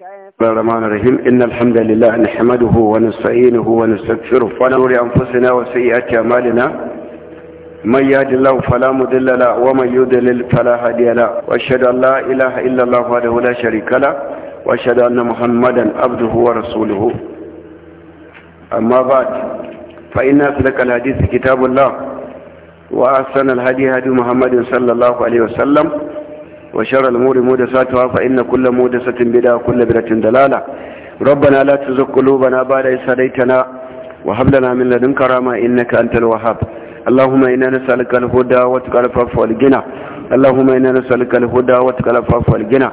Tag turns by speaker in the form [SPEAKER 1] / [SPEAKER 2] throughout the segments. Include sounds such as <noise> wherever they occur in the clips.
[SPEAKER 1] بسم الله الرحمن الرحيم إن الحمد لله نحمده ونستعينه ونستغفره ونور أنفسنا وسيئات أعمالنا من يهد الله فلا مضل له ومن يضلل فلا هادي له واشهد ان لا اله الا الله وحده لا شريك له واشهد ان محمدا عبده ورسوله اما بعد فان اصدق الحديث كتاب الله واحسن الهدي هدي محمد صلى الله عليه وسلم وشر الأمور مودساتها فإن كل مودسة بدعة وكل بدعة دلالة ربنا لا تزغ قلوبنا بعد إذ هديتنا وهب لنا من لدنك رحمة إنك أنت الوهاب اللهم إنا نسألك الهدى وتقى العفو والغنى اللهم إنا نسألك الهدى وتقى العفو والغنى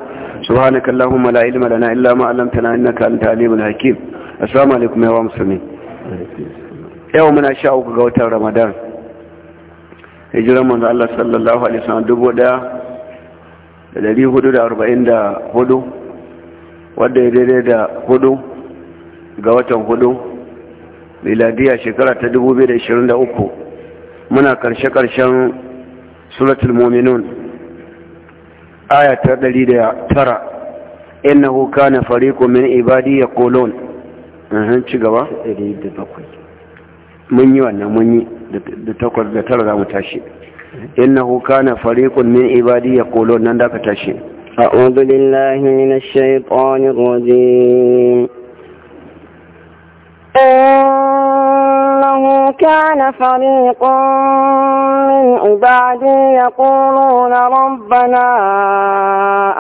[SPEAKER 1] سبحانك اللهم لا علم لنا إلا ما علمتنا إنك أنت العليم الحكيم السلام عليكم يا مسلمين yau muna sha uku ga watan ramadan hijiran manzo Allah sallallahu alaihi wasallam dubu daya 444 wadda ya daidai da 4 ga watan 4 miladiya shekara ta 2023 muna karshe-karshen suratul mominun aya ta 109 innahu kana fariqu min ibadi ya kolon eh ci gaba mun yi wannan mun yi da takwas da tara za mu tashi إنه كان فريق من عبادي يقولون أنك تشي
[SPEAKER 2] أعوذ بالله من الشيطان الرجيم إنه كان فريق من عبادي يقولون ربنا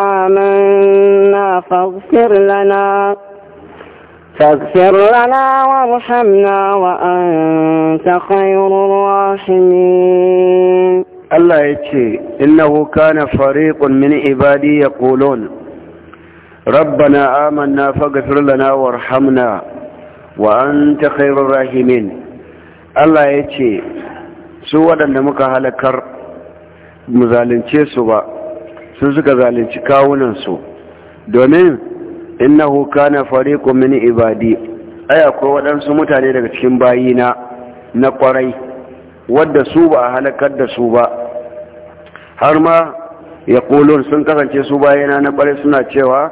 [SPEAKER 2] آمنا فاغفر لنا فاغفر لنا وارحمنا وأنت خير الراحمين الله يتشي
[SPEAKER 1] إنه كان فريق من عبادي يقولون ربنا آمنا فاغفر لنا وارحمنا وأنت خير الراحمين الله يتشي سوى دمك هلكر مزالنشي سوى sun suka zalunci kawunansu domin innahu kana fariqu min ibadi ai akwai waɗansu mutane daga cikin bayina na kwarai wadda su ba a halakar da su ba har ma ya kulun sun kasance su bayina na kwarai suna cewa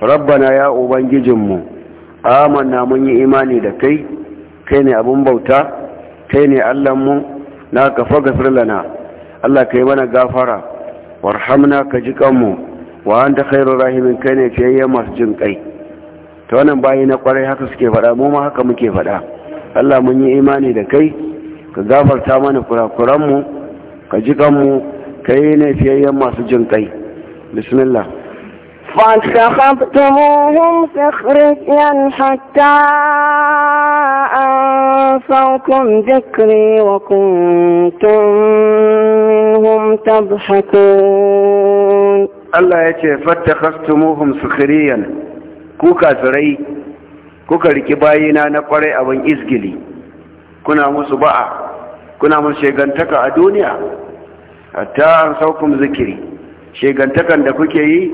[SPEAKER 1] rabbana ya ubangijinmu amanna mun yi imani da kai kai ne abun bauta kai ne allahnmu na ka fagasir lana allah ka yi mana gafara warhamna ka ji kanmu wa an ta khairu rahimin kai ne fiyayyen masu jin kai ta wannan bayi na kwarai haka suke faɗa mu ma haka muke faɗa Allah mun yi imani da kai ka gafarta mana kurakuranmu ka ji kanmu kai yi ne fiyayyen masu jin kai bismillah
[SPEAKER 2] فاستخفتموهم سخريا حتى أنفوكم ذكري وكنتم منهم تضحكون
[SPEAKER 1] Allah ya ce fattakhastumuhum sukhriyan ku kafirai kuka kuka riki bayina na kwarai abin izgili kuna musu ba'a kuna musu shegantaka a duniya hatta an saukum zikiri shegantakan da kuke yi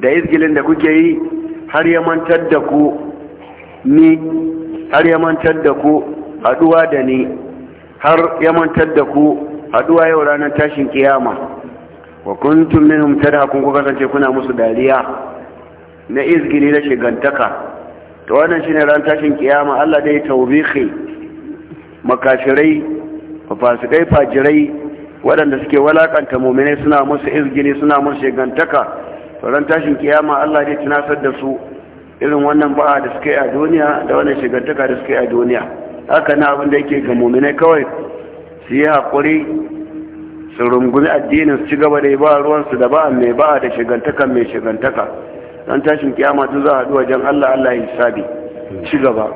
[SPEAKER 1] da izgilin da kuke yi har ya mantar da ku ni har ya mantar da ku haduwa da ni har ya mantar da ku haduwa yau ranar tashin kiyama wa kuntum minhum tadhakun ku kasance kuna musu dariya na izgili na shigantaka to wannan shine ran tashin kiyama Allah dai tawbihi makashirai fasikai fajirai waɗanda suke walakanta mu'minai suna musu izgili suna musu shigantaka to ran tashin kiyama Allah dai tunasar da su irin wannan ba'a da suke a duniya da wannan shigantaka da suke a duniya haka na abin da yake ga mu'minai kawai su yi haƙuri su rungumi addinin su ci gaba da ba ruwansu da ba mai ba da shigantaka mai shigantaka don tashin kiyama tun za a haɗu wajen Allah Allah ya sabi ci gaba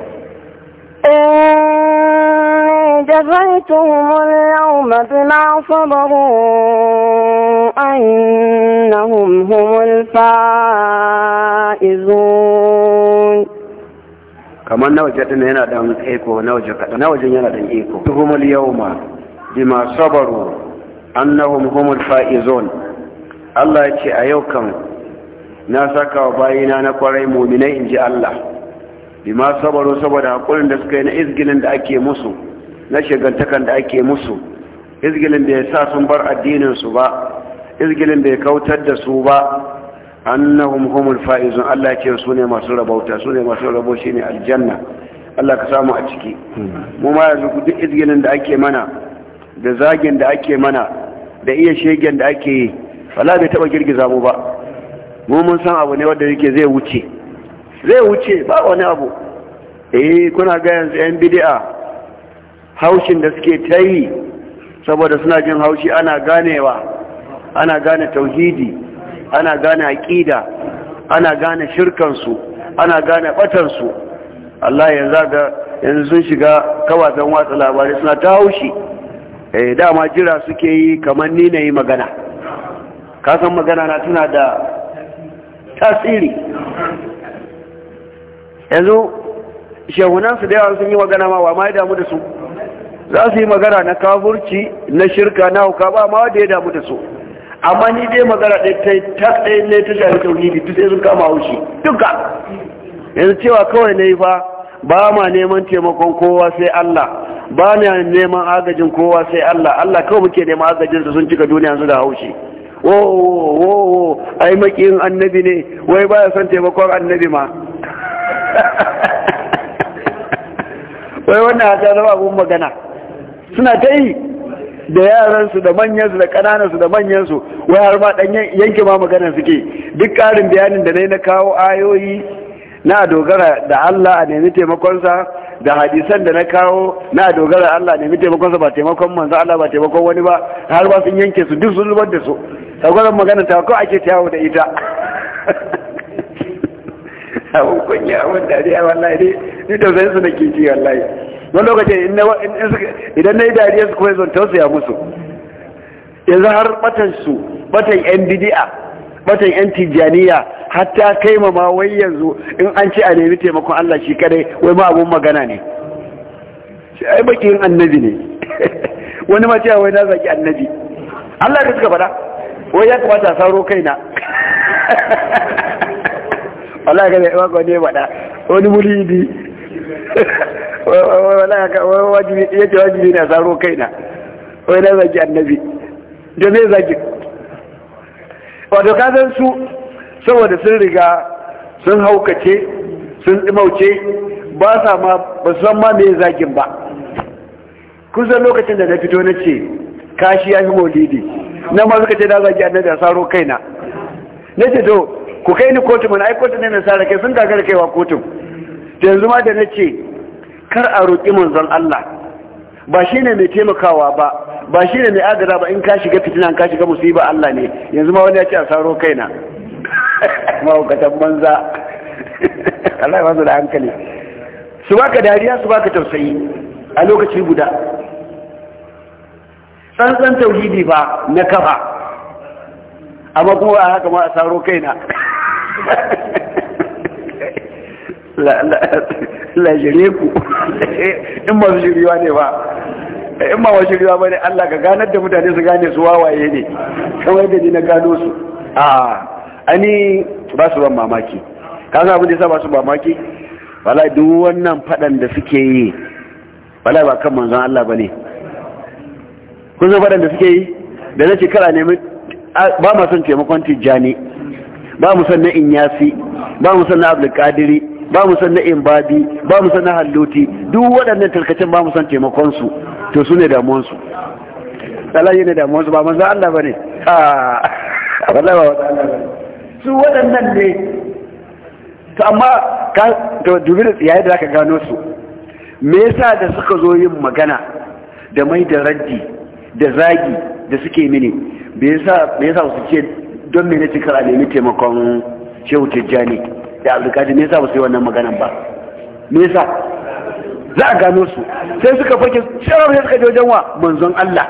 [SPEAKER 2] جزيتهم اليوم بما صبروا أنهم هم الفائزون
[SPEAKER 1] kamar na waje tana yana dan eko na waje kaɗa na wajen yana dan eko annahum humul fa'izun Allah ya ce a yau kan na saka wa bayina na kwarai muminai in ji Allah bima sabaro saboda haƙurin da suka yi na izgilin da ake musu na shigantakan da ake musu izgilin da ya sa sun bar addininsu ba izgilin da ya kautar da su ba annahum humul fa'izun Allah ya ce su ne masu rabauta su ne masu rabo shine aljanna Allah ka samu a ciki hmm. mu ma yanzu duk izgilin da ake mana da zagin da ake mana da iya shegen da ake yi wala bai taba girgiza mu ba mu mun san abu ne wanda yake zai wuce zai wuce ba wani abu eh kuna ga yanzu yan bid'a haushin da suke ta saboda suna jin haushi ana ganewa ana gane tauhidi ana gane aqida ana gane shirkansu ana gane batansu Allah yanzu ga yanzu sun shiga kawasan watsa labarai suna ta haushi eh dama jira suke yi kamar ni na yi magana kasan magana na tuna da tasiri yanzu shehunansu da yawa sun yi magana ma wa ma ya damu da su za su yi magana na kafurci na shirka na hauka ba ma wanda ya damu da su amma ni dai magana ɗaya ta ɗaya ne ta shafi tauhidi duk sai sun kama haushi duka yanzu cewa kawai na yi fa ba ma neman taimakon kowa sai Allah ba na neman agajin kowa sai Allah Allah kawai muke neman agajin su sun cika duniya su da haushi wo wo ai makiyin annabi ne wai baya son taimakon annabi ma <laughs> wai wannan haka zama abun magana suna ta yi da yaransu da manyansu da ƙananansu da manyansu wai har ma ɗan yanke ma maganar suke duk ƙarin bayanin da na yi na kawo ayoyi na dogara da Allah a nemi taimakonsa da hadisan da na kawo na dogara Allah a nemi taimakonsa ba taimakon manzo Allah ba taimakon wani ba har ba sun yanke su duk sun zubar da su tagwaron magana ta ko ake tawo da ita <laughs> abun kunya abun dariya wallahi ne ni da zai su da ke wallahi wani lokacin idan na yi dariya su kuma zan tausaya musu yanzu har batan su batan yan bidi'a batan yan tijjaniya hatta kai ma ma wai yanzu in an ce a nemi taimakon Allah shi kadai wai ma abun magana ne shi ai yin annabi ne <laughs> wani ma cewa wai na zaki annabi Allah ka suka fada wai ya kamata a sauro kaina <laughs> Allah ka zai maka ne fada wani mulidi <laughs> ya ce wajibi ne a sauro kaina wai na zaki annabi da zai zaki wato ka su saboda sun riga sun haukace sun ɗimauce ba sa ma ba san ma me zagin ba kusan lokacin da na fito na ce kashi ya fi maulidi na ma suka ce na zagi annabi a saro kaina na ce to ku kai ni kotu mana ai kotu ne na sara kai sun gagara kaiwa kotun yanzu ma da na ce kar a roƙi manzon Allah ba shi ne mai taimakawa ba ba shi ne mai adara ba in ka shiga fitina in ka shiga musiba Allah ne yanzu ma wani ya ce a saro kaina mahaukatan banza Allah ya masu da hankali su baka dariya su baka tausayi a lokaci guda tsantsan tauhidi ba na kafa a kuma a haka ma a saro kaina la jire ku in ma shiriwa ne ba in ma wasu ba ne Allah ka ganar da mutane su gane su wawaye ne kamar da ni na gano su a ah. ani ba su ban mamaki ka san abin da yasa ba su mamaki wallahi duk wannan fadan da suke yi wallahi ba kan manzon Allah bane kun san fadan da suke yi da nace kara nemi ba mu son taimakon tijjani ba mu san na inyasi ba mu san na abdul qadiri ba mu san na imbabi ba mu san na halluti duk waɗannan tarkacen ba mu san taimakon su to su ne damuwan su wallahi ne damuwan su ba manzon Allah bane a ah, wallahi ba manzon Allah bane su waɗannan ne to amma ka dubi da tsiyaye da gano su me yasa da suka zo yin magana da mai da raddi da zagi da suke mini me yasa me yasa su ce don me nace kar a nemi taimakon Shehu Tijjani da Abdulkadir me yasa ba su yi wannan maganan ba me yasa za a gano su sai suka fake cewa suka je wajen wa manzon Allah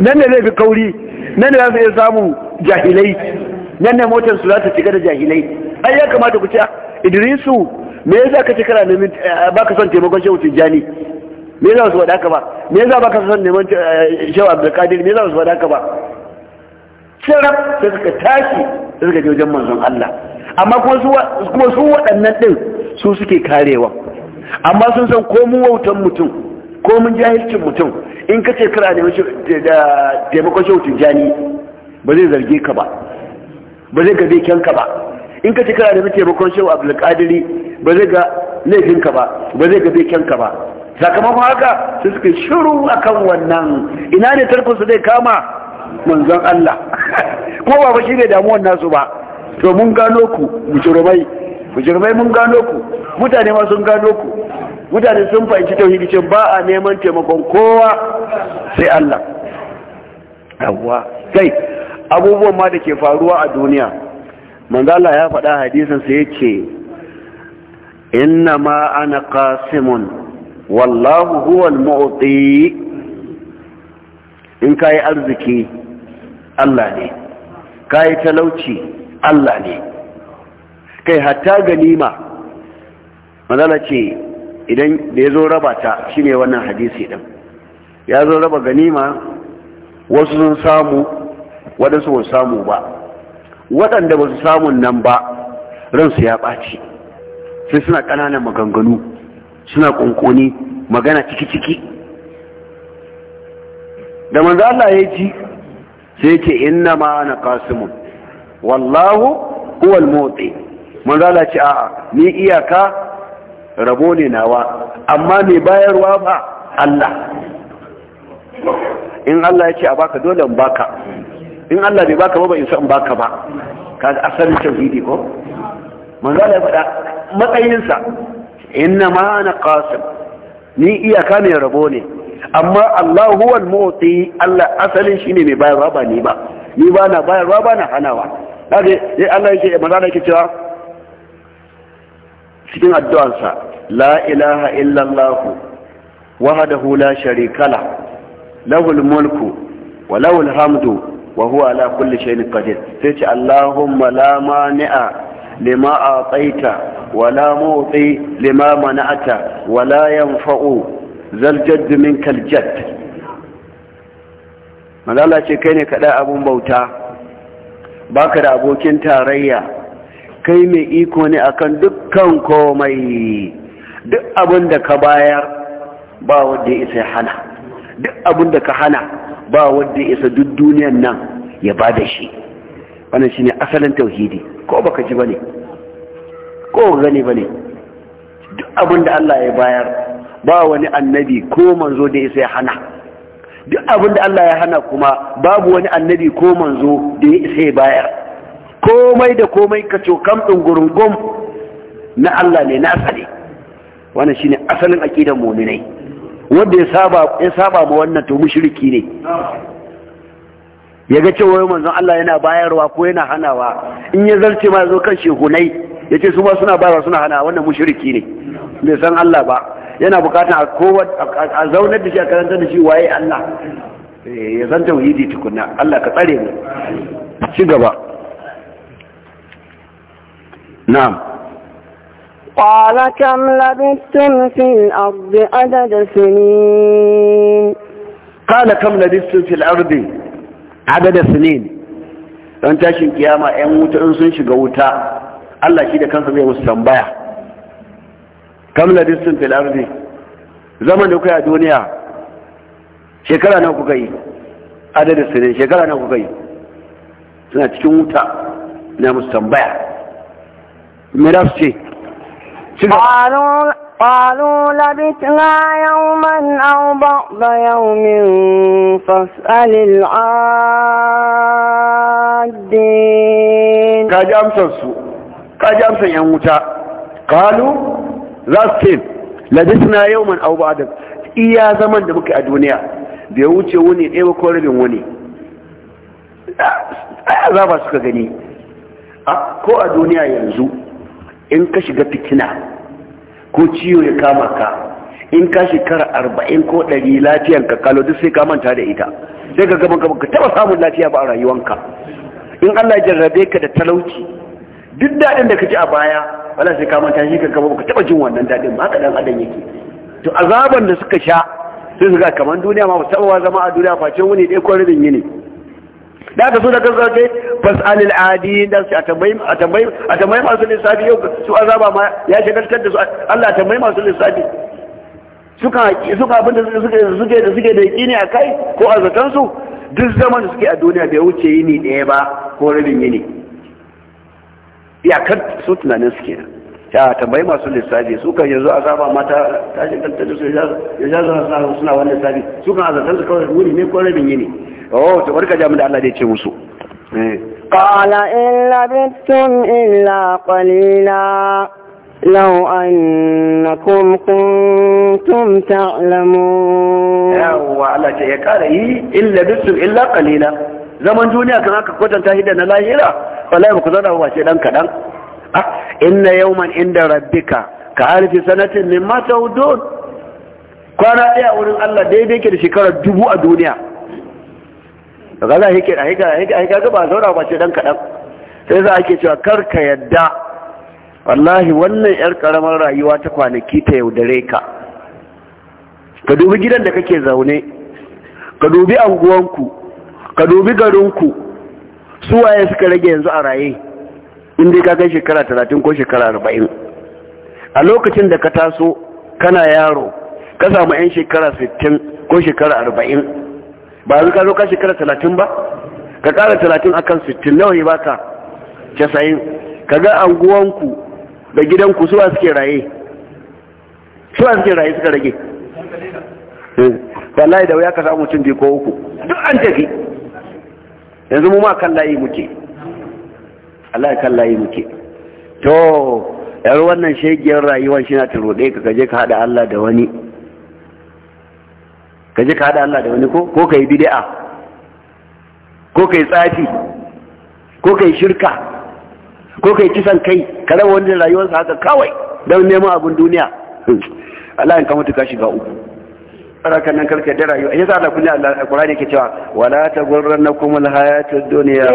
[SPEAKER 1] nan ne laifin kauri nan ne za su iya samu jahilai nan ne motar su za ta da jahilai ai ya kamata ku ce idrisu me yasa kace kana neman eh, baka son taimakon shehu tijani me yasa su faɗa ka ba me yasa baka son neman eh, shehu abdulkadir me yasa su faɗa ka ba sharaf sai suka tashi sai suka je wajen manzon Allah amma kuma su waɗannan ɗin su suke karewa amma sun san ko mun wautan mutum ko mun jahilcin mutum in ka ce kira da taimakon shehu tijjani ba zai zarge ka ba ba zai ga ka ba in ka ce kira da taimakon shehu abdulkadiri ba zai ga laifinka ba ba zai ga ka ba sakamakon haka su suka shiru kan wannan ina ne tarkonsu zai kama manzon Allah <laughs> ko ba ba shi ne damuwan nasu ba to mun gano ku mujirmai mujirmai mun gano ku mutane ma sun gano ku mutane sun fahimci tauhidi ce ba a neman taimakon kowa sai Allah Abuwa kai abubuwan ma da ke faruwa a duniya manzala ya faɗa hadisin sai yake inna ma ana qasimun wallahu huwal mu'ti in kai arziki Allah ne kai talauci Allah ne kai hatta ganima manzala ce idan da ya zo raba ta shine wannan hadisi ɗin ya zo raba ganima wasu sun samu waɗansu ba samu ba waɗanda ba su samun nan ba ransu ya ɓaci sai suna ƙananan maganganu suna ƙunƙuni magana ciki-ciki da manzo Allah ya ji sai ce inna ma na qasimun wallahu huwal motsi manzo Allah ce a'a ni iyaka rabo ne nawa amma mai bayarwa ba Allah in Allah ya ce a baka dole in baka in Allah bai baka ba ba in san baka ba kaga asalin tauhidi ko manzo Allah ya faɗa matsayinsa inna ma ana qasim ni iyaka ne rabo ne amma Allah huwa al-mu'ti Allah asalin shine mai bayarwa ba ni ba ni ba na bayarwa ba na hanawa kaga sai Allah yake manzo Allah yake cewa cikin addu'arsa la ilaha illallah wahdahu la sharika la lahul mulku wa lahul hamdu wa huwa ala kulli shay'in qadir sai ce allahumma la mani'a lima a'taita wa la mu'ti lima mana'ata wa la yanfa'u zal jadd jadd ce kai ne kada abun bauta baka da abokin tarayya kai mai iko ne akan dukkan komai duk abin da ka bayar ba wanda ya isa hana duk abin da ka hana ba wanda ya isa duk duniyan nan ya ba da shi wannan shine asalin tauhidi ko baka ji ba ne ko gani ba ne duk abin da Allah ya bayar ba wani annabi ko manzo da ya isa hana duk abin da Allah ya hana kuma babu wani annabi ko manzo da ya isa bayar komai da komai ka cokam ɗungurin gom na Allah ne na asali wannan shine asalin aƙidar muminai wanda ya saba ya saba ma wannan to mushriki ne ya ga cewa manzon Allah yana bayarwa ko yana hanawa in ya zarce ma zo kan shehunai ya ce su ma suna bayarwa suna hana wannan mushriki ne bai san Allah ba yana bukatar a zaunar da shi a karantar da shi waye Allah eh, ya zan tauhidi tukunna Allah ka tsare mu ci gaba نعم
[SPEAKER 2] قال كم لبثتم في الأرض عدد سنين
[SPEAKER 1] قال كم لبثتم في الأرض عدد don tashin kiyama 'yan wuta in sun shiga wuta Allah shi da kansa zai musu tambaya kam ladisun fil ardi zaman da kuka a duniya shekara nawa kuka yi adadin su shekara nawa kuka yi suna cikin wuta na musu tambaya me da su
[SPEAKER 2] ce قالوا لبثنا يوما أو بعض يوم فاسأل العادين كاجي أمسا
[SPEAKER 1] السوء قالوا ذاتين لبثنا يوما أو بعض iya zaman da muke a duniya da ya wuce wuni ɗaya ko rabin wuni ai azaba suka gani ko a duniya yanzu in ka shiga fitina ko ciwo ya kama ka in ka shekara arba'in ko ɗari lafiyan ka kalo duk sai ka manta da ita sai ka gaban ka taɓa samun lafiya ba a rayuwanka in Allah jarrabe ka da talauci duk daɗin da ka ji a baya wala sai ka manta shi ka gaba ka taɓa jin wannan daɗin ba haka ɗan adam yake to azaban da suka sha sai su ga kamar duniya ma ba taɓa zama a duniya face wani ɗaya ko rabin yini da ka so da kan sarki fasalil adin da su a tambayi a tambayi a tambayi masu lissafi yau su azaba ma ya shagaltar da su Allah tambayi masu lissafi suka suka abinda suke suke da suke da yakini akai ko azatan su duk zaman da suke a duniya bai wuce yini ɗaya ba ko rabin yini iyakar su tunanin su kenan ta tambayi masu lissafi su kan yanzu zaba, mata tashin kanta da su ya sha zuwa suna wani lissafi su kan azantar su kawai wuri ne ko rabin yini oh to barka jami da Allah da ya ce musu
[SPEAKER 2] قال إن لبثتم na قليلا ta أنكم كنتم تعلمون
[SPEAKER 1] ce ya ƙara yi in لبثتم illa قليلا zaman duniya kan aka kwatanta hidda na lahira wallahi ba ku zauna ba ce dan kadan inna yawman inda rabbika ka alfi sanatin mimma ta'udun kwana daya wurin Allah daidai ke da shekarar dubu a duniya daga za a a a a ga ba zaura dan kaɗan sai za ake cewa kar ka yadda wallahi wannan yar karamar rayuwa ta kwanaki ta yaudare ka ka dubi gidan da kake zaune ka dubi anguwanku ka dubi garinku su waye suka rage yanzu a raye in dai ka kai shekara talatin ko shekara arba'in a lokacin da ka taso kana yaro ka samu 'yan shekara sittin ko shekara arba'in ba yanzu ka zo ka shekara talatin ba ka ƙara talatin akan sittin nawa ba ka? casa'in ka ga anguwanku da gidanku suwa suke raye suwa suke raye suka rage eh, wallahi da wuya ka samu mutum biyu ko uku duk an tafi yanzu mu ma kan layi muke Allah kan layi muke to yar wannan shegiyar rayuwar shi na turode ka kaje ka hada Allah da wani kaje ka hada Allah da wani ko ko kai bid'a ko kai tsafi ko kai shirka ko kai kisan kai ka rawa wani rayuwarsa haka kawai don neman abin duniya <laughs> Allah ya kamata ka shiga uku rakan nan karka da rayuwa yasa Allah kullu Allah Qur'ani yake cewa wala tagurrannakum alhayatud dunya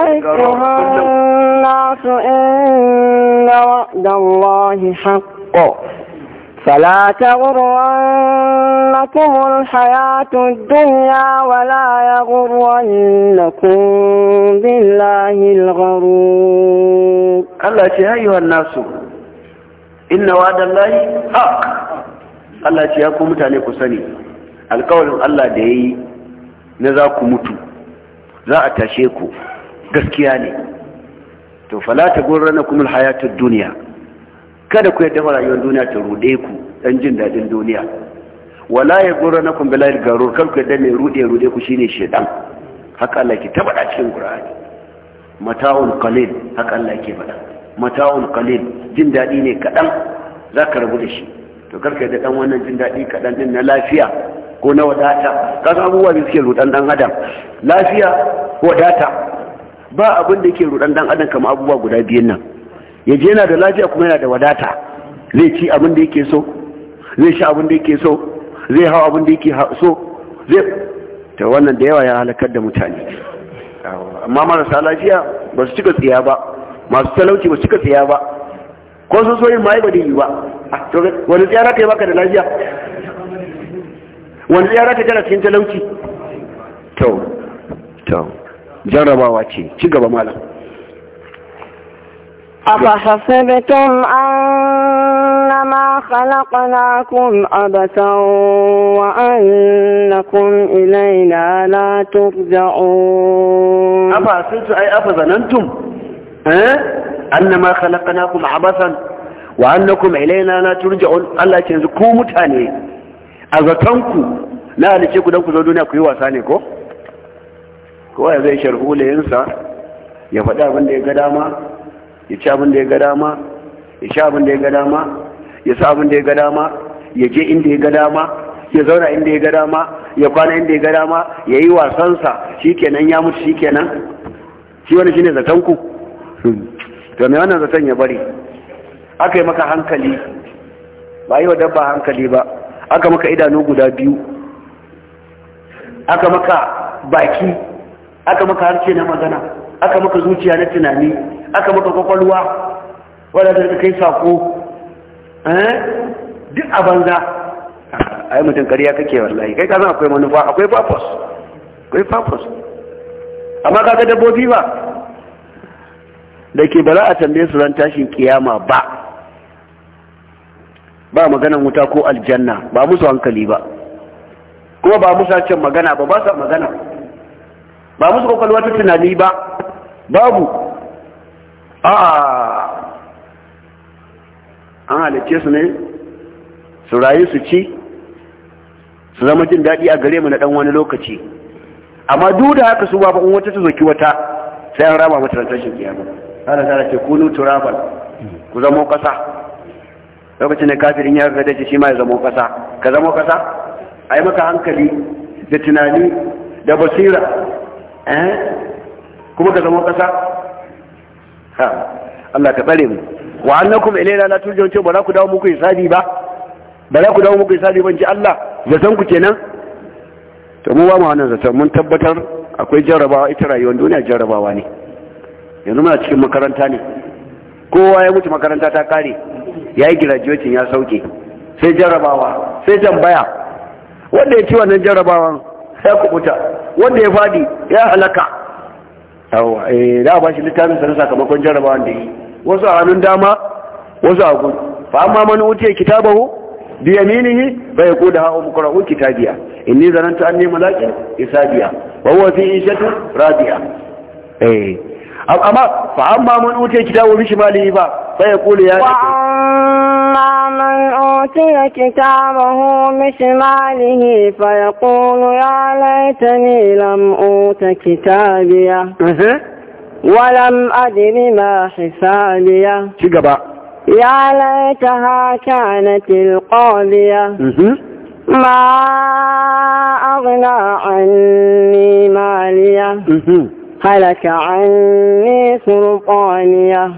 [SPEAKER 2] أيها الناس إن وعد الله حق فلا تغرنكم الحياة الدنيا ولا يغرنكم بالله الغرور الله يا أيها
[SPEAKER 1] الناس إن وعد الله حق Allah ce ya ku ku mutane sani يا Allah da ya yi na za ku mutu za a tashe ku gaskiya ne to Falata ta gurrana kuma hayatar duniya kada ku yadda rayuwar duniya ta rude ku dan jin dadin duniya wala ya gurrana kuma bilal garur kar ku yadda mai rude rude ku shine shedan haka Allah ke tabbata cikin Qur'ani mata'un qalil haka Allah ke faɗa mata'un qalil jin dadi ne kadan zaka rabu da shi to karka yadda dan wannan jin dadi kadan din na lafiya ko na wadata kaga abubuwa da suke rudan dan adam lafiya
[SPEAKER 3] ko wadata
[SPEAKER 1] ba abin da ke rudan dan adam kamar abubuwa guda biyan nan ya je yana da lafiya kuma yana da wadata zai ci abin da yake so zai sha abin da yake so zai hau abin da yake so zai ta wannan da yawa ya halakar da mutane amma marasa lafiya ba su cika tsiya ba masu talauci ba su cika tsiya ba ko sun so yin ma ba da yi ba wani tsiya ka yi baka da lafiya wani tsiya za ka tana cikin talauci
[SPEAKER 2] to to Jarabawa ce ci gaba malam afasabtum annama khalaqnakum abatan wa annakum ilayna la turja'un afasabtu ay
[SPEAKER 1] afazanantum eh annama khalaqnakum abatan wa annakum ilayna la Allah ce ku mutane na da ku dan ku zo duniya ku yi wasa ne ko kowa zai sharhulayensa ya faɗi abin da ya ga dama ya ci abin da ya ga dama ya sha abin da ya ga dama ya sa abin da ya ga dama ya je inda ya ga dama ya zauna inda ya ga dama ya kwana inda ya ga dama ya yi wasansa kenan ya mutu kenan shi wani shine ne ku to mai wannan zaton ya bari aka yi maka hankali ba yi wa dabba hankali ba aka maka idanu guda biyu aka maka baki aka maka harce na magana aka maka zuciya na tunani aka maka kwakwalwa wadda da kai sako eh? duk a banza ai mutum kariya kake wallahi kai kasan akwai manufa akwai purpose akwai purpose amma kaga dabbobi ba da ke ba a tambaye su ran tashin kiyama ba ba maganan wuta ko aljanna ba musu hankali ba kuma ba musu magana ba ba sa magana ba musu kwakwalwa ta tunani ba babu a an halicce su ne su rayu su ci su zama jin daɗi a gare mu na ɗan wani lokaci amma duk da haka su ba ba wata ta zoki wata sai an raba mata rantashin kiyama ana tara ce kunu turabal ku zamo ƙasa lokacin da kafirin ya ga dace shi ma ya zamo ƙasa ka zamo ƙasa a yi maka hankali da tunani da basira eh kuma ka zama kasa ha Allah ka bare mu wa annakum ilayna la turjun ce ba za ku dawo muku hisabi ba ba za ku dawo muku hisabi ban ji Allah zaton ku kenan to mu ba mu wannan zaton mun tabbatar akwai jarrabawa ita rayuwar duniya jarrabawa ne yanzu muna cikin makaranta ne kowa ya mutu makaranta ta kare ya yi graduation ya sauke sai jarrabawa sai tambaya wanda ya ci wannan jarrabawan ya kubuta wanda ya fadi ya halaka yawa eh da ba shi littafin sa sakamakon jarabawa da yi wasu a hannun dama wasu a gudu fa amma man utiya kitabahu bi yaminihi fa yaqulu ha'u muqra'u kitabiya inni zanantu anni malakin isabiya wa huwa fi ishatu radiya eh amma fa amma mun uta kitabu bi shimalihi ba sai ya kula ya
[SPEAKER 2] amma man uta kitabahu bi shimalihi fa yaqulu ya laitani lam uta kitabiya ولم أدر ما حسابيه يا ليتها كانت القاضية ما أغنى عني مالية هلك عني سلطانية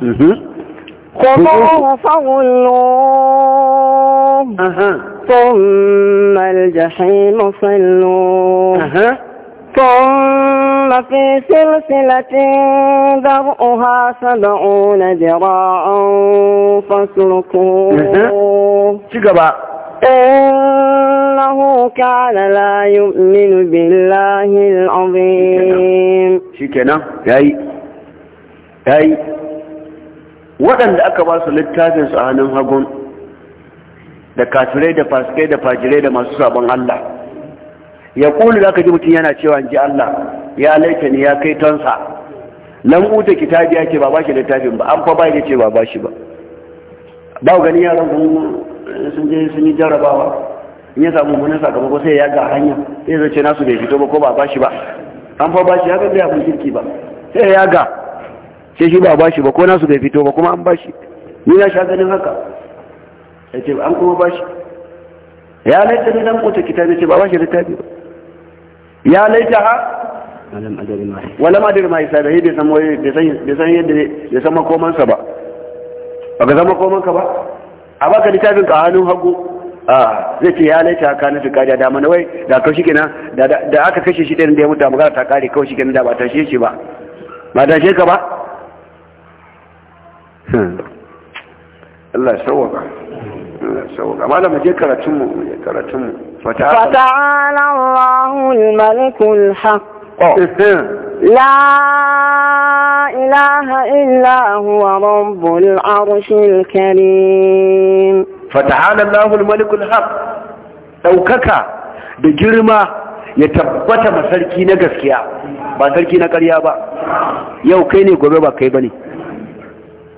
[SPEAKER 2] خذوه فغلوه ثم الجحيم صلوه ثم في سلسلة ذرؤها سبعون ذراعا فاسلكوه إنه كان لا يؤمن بالله العظيم
[SPEAKER 1] شكنا ياي yayi waɗanda aka ba su littafinsu a hannun da kafirai da fasikai da fajirai da masu sabon Allah ya kulu da aka ji mutum yana cewa ji Allah ya laita ni ya kai tonsa nan uta kitabi ya ce ba ba shi littafin ba an fa ba ya ce ba ba shi ba ba gani yaran sun je sun yi jarabawa in ya samu munan sakamako sai ya ga hanya sai zai ce nasu bai fito ba ko ba bashi ba an fa bashi haka zai abin kirki ba sai ya ga sai shi ba bashi ba ko nasu bai fito ba kuma an bashi ni na sha ganin haka ya ce an kuma bashi ya laita ni dan kuta kitabi ce ba bashi littafi ba ya laita ha wala ma mai isa da bai san bai san yadda bai san makomansa ba ba ga zama komanka ba a baka littafin ka hannun hagu a zai ce ya laita ka nufi kariya da mana wai da kawai shi kenan da aka kashe shi ɗin da ya mutu a magana ta kare kawai shi kenan da ba tashe shi ba ba tashe ka ba hmm. Allah sauwaka Allah sauwaka malama je karatunmu karatunmu fata
[SPEAKER 2] al-malikul
[SPEAKER 1] لا
[SPEAKER 2] إله إلا هو رب العرش الكريم
[SPEAKER 1] فتعالى الله الملك ɗaukaka da girma ya tabbata masarki na gaskiya ba sarki na ƙarya ba yau kai ne gobe ba kai ba ne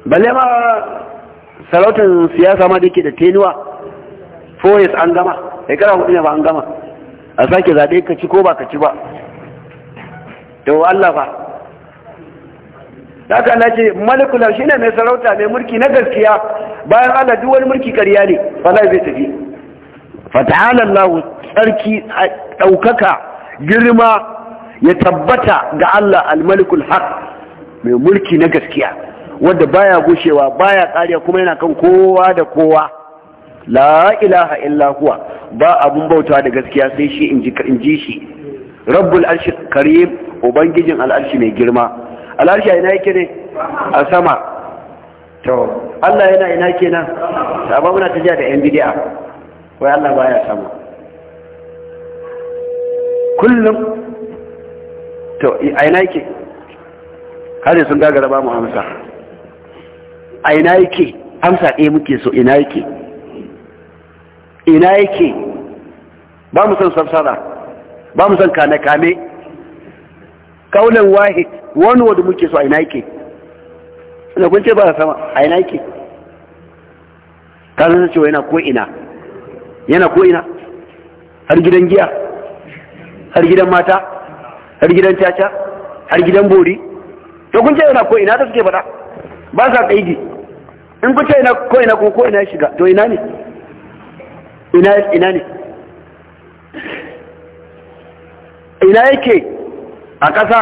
[SPEAKER 1] balle ma sarautar siyasa ma da da tenuwa foyes an gama shekara hudu ne ba an gama a sake zaɓe ka ci ko ba ka ci ba to Allah fa daga Allah ce malikul shi ne mai sarauta mai mulki na gaskiya bayan Allah duk wani mulki ƙarya ne wallahi zai tafi fata'ala Allah sarki daukaka girma ya tabbata ga Allah al-malikul haq mai mulki na gaskiya wanda baya gushewa baya kariya kuma yana kan kowa da kowa la ilaha illa huwa ba abun bautawa da gaskiya sai shi inji shi rabbul arshi karim ubangijin al'arshi mai girma al'arshi ina yake ne a sama to Allah yana ina kenan amma muna tafiya da yan bid'a wai Allah baya sama kullum to a ina yake kare sun ga ba mu amsa a ina yake amsa ɗaya muke so ina yake ina yake ba mu son safsara ba mu san kame kame kaulan wahi, wani wanda muke so a ina yake da kun ce ba sama a ina yake ka san cewa yana ko ina yana ko ina har gidan giya har gidan mata har gidan caca har gidan bori to kun ce yana ko ina ta suke faɗa ba sa kaidi in kun ce ina ko ina ko ina shiga to ina ne ina ina ne ina yake a ƙasa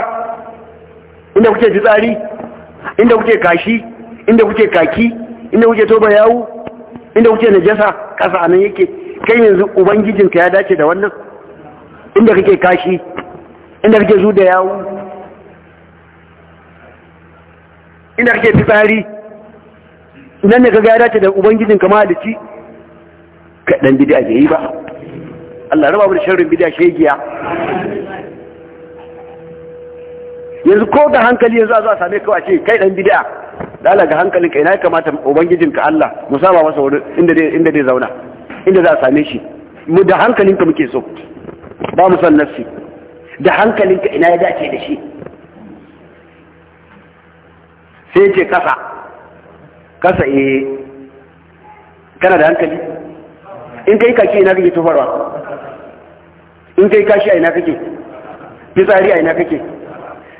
[SPEAKER 1] inda kuke fitsari inda kuke kashi inda kuke kaki inda kuke toba yawu inda kuke najasa ƙasa anan yake kai yanzu ubangijinka ya dace da wannan inda kake kashi inda kake zu da yawu inda kake fitsari nan ne ka ga ya dace da ubangijinka ma ka kaɗan bidi a yi ba Allah raba mu da sharrin bid'a shegiya yanzu ko da hankali yanzu a za a same ka ce kai dan bid'a dala ga hankalin ka ina ya kamata ka Allah mu saba masa wuri inda dai inda dai zauna inda za a same shi mu da hankalin ka muke so ba mu san nafsi da hankalin ka ina ya dace da shi sai ce kasa kasa eh kana da hankali in kai kaki ina kake tufarwa in kai kashi a ina kake fitsari a ina kake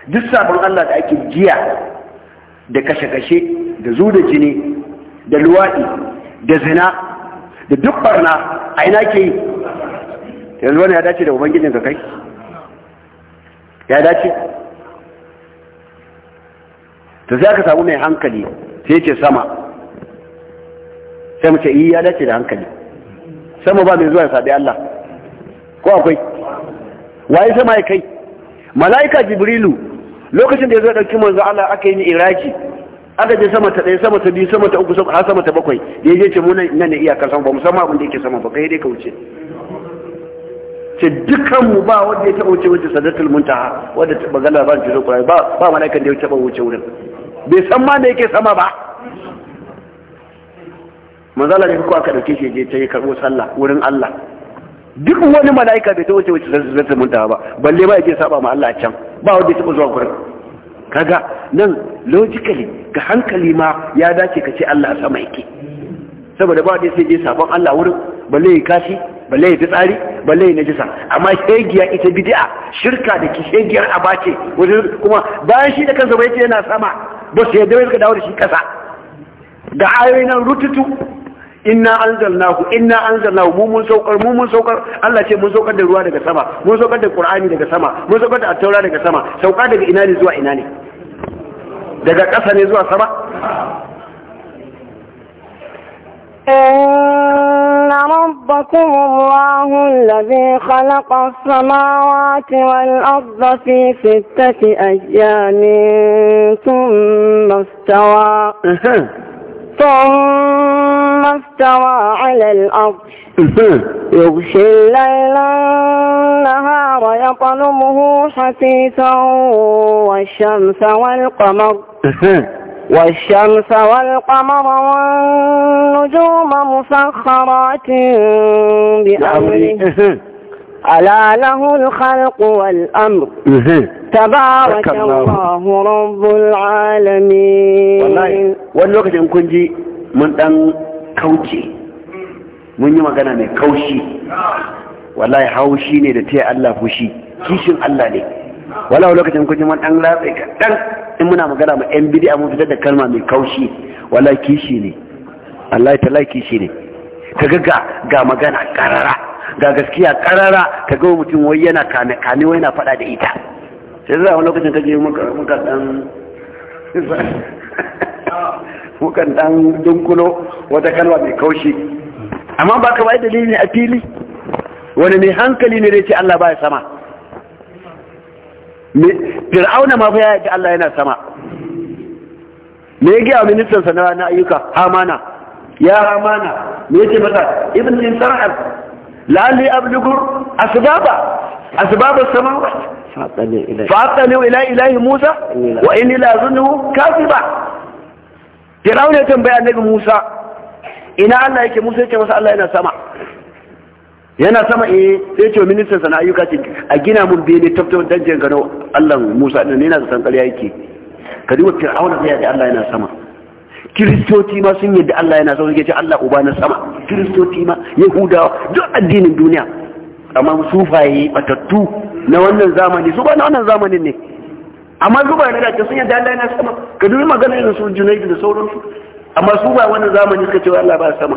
[SPEAKER 1] duk sabon Allah da ake jiya da kashe-kashe da zu da jini da luwaɗi da zina da duk barna a ina ke yi yanzu wani ya dace da ubangijin ka kai ya dace ta sai aka samu mai hankali sai ce sama sai mu ce iya eh, dace da hankali sama ba mai zuwa ya saɓi Allah ko akwai waye sama ya kai mala'ika jibrilu lokacin da ya zo ɗauki manzo Allah aka yi ni iraki aka je sama ta ɗaya sama ta biyu sama ta uku sama har sama ta bakwai da ya je ce mu nan ne iyakar sama ba mu san abin da yake sama ba kai dai ka wuce ce dukkan mu ba wanda ya taɓa wuce wuce sadatul muntaha wanda magana ba ta zo ba ba mala'ikan da ya taɓa wuce wurin bai san ma da yake sama ba manzala ne ko aka dauke shi je ta yi karbo sallah wurin Allah duk wani mala'ika bai ta wuce wuce zai munta ba balle ba yake saba ma Allah a can ba wanda ya taba zuwa gurin kaga nan logically ga hankali ma ya dace ka ce Allah sama yake saboda ba wanda sai je sabon Allah wurin balle ya kashi balle ya tsari balle ya najisa amma shegiya ita bid'a shirka da ki shegiyar abace wajen kuma bayan shi da kansa bai ce yana sama ba su yadda bai suka dawo da shi kasa ga ayoyi nan rututu inna anzalnahu inna anzalnahu mu mun saukar mu mun saukar Allah ce mun saukar da ruwa daga sama mun saukar da Qur'ani daga sama mun saukar da Taura daga sama sauka daga ina ne zuwa ina ne daga ƙasa ne zuwa sama
[SPEAKER 2] Allahu allazi khalaqa as-samawati wal-ardha fi sittati ayyamin thumma istawa ثم استوى على الأرض يغشي الليل النهار يطلبه حثيثا والشمس والقمر والشمس والقمر والنجوم مسخرات بأمره ألا له الخلق والأمر تبارك الله رب العالمين والله
[SPEAKER 1] والوقت إن كنت من أن كوشي من yi magana كوشي والله haushi ne da taya Allah fushi kishin Allah ne wallahi lokacin kun ji man dan ratsa kadan in muna magana mu yan bid'a mun fitar da kalma mai kaushi wallahi kishi ne wallahi talaki kishi ne ga ga magana karara ga gaskiya karara ka ga mutum wai yana kame kame wai yana faɗa da ita sai zai wani lokacin kaje muka dan muka dan <laughs> dunkulo wata kalwa mai kaushi amma ba ka bai dalili a fili wani mai hankali ne dai ce Allah baya sama fir'auna ma fa ya yi Allah yana sama me ya ministan ministansa na ayyuka hamana ya hamana me ya ce ibn ibn sarhar la'alli ablugur asbaba asbabas samawat fa'atani ila ilahi Musa wa inni la zunnu kaziba Firaun ya tambaya annabi Musa ina Allah yake Musa yake masa Allah yana sama yana sama eh sai ce ministan sana ayyuka ce a gina mun bene tafto dan jin gano Allah Musa din yana da san yake ka duba Firaun ya da Allah yana sama kiristoci ma sun yadda Allah yana zaune ke ce Allah uba na sama kiristoci ma yahudawa duk addinin duniya amma faye batattu na wannan zamani su ba na wannan zamanin ne amma su ba da ta sun yadda Allah yana sama ka dubi maganar irin su junaidu da sauransu amma su ba wannan zamani suka ce Allah ba sama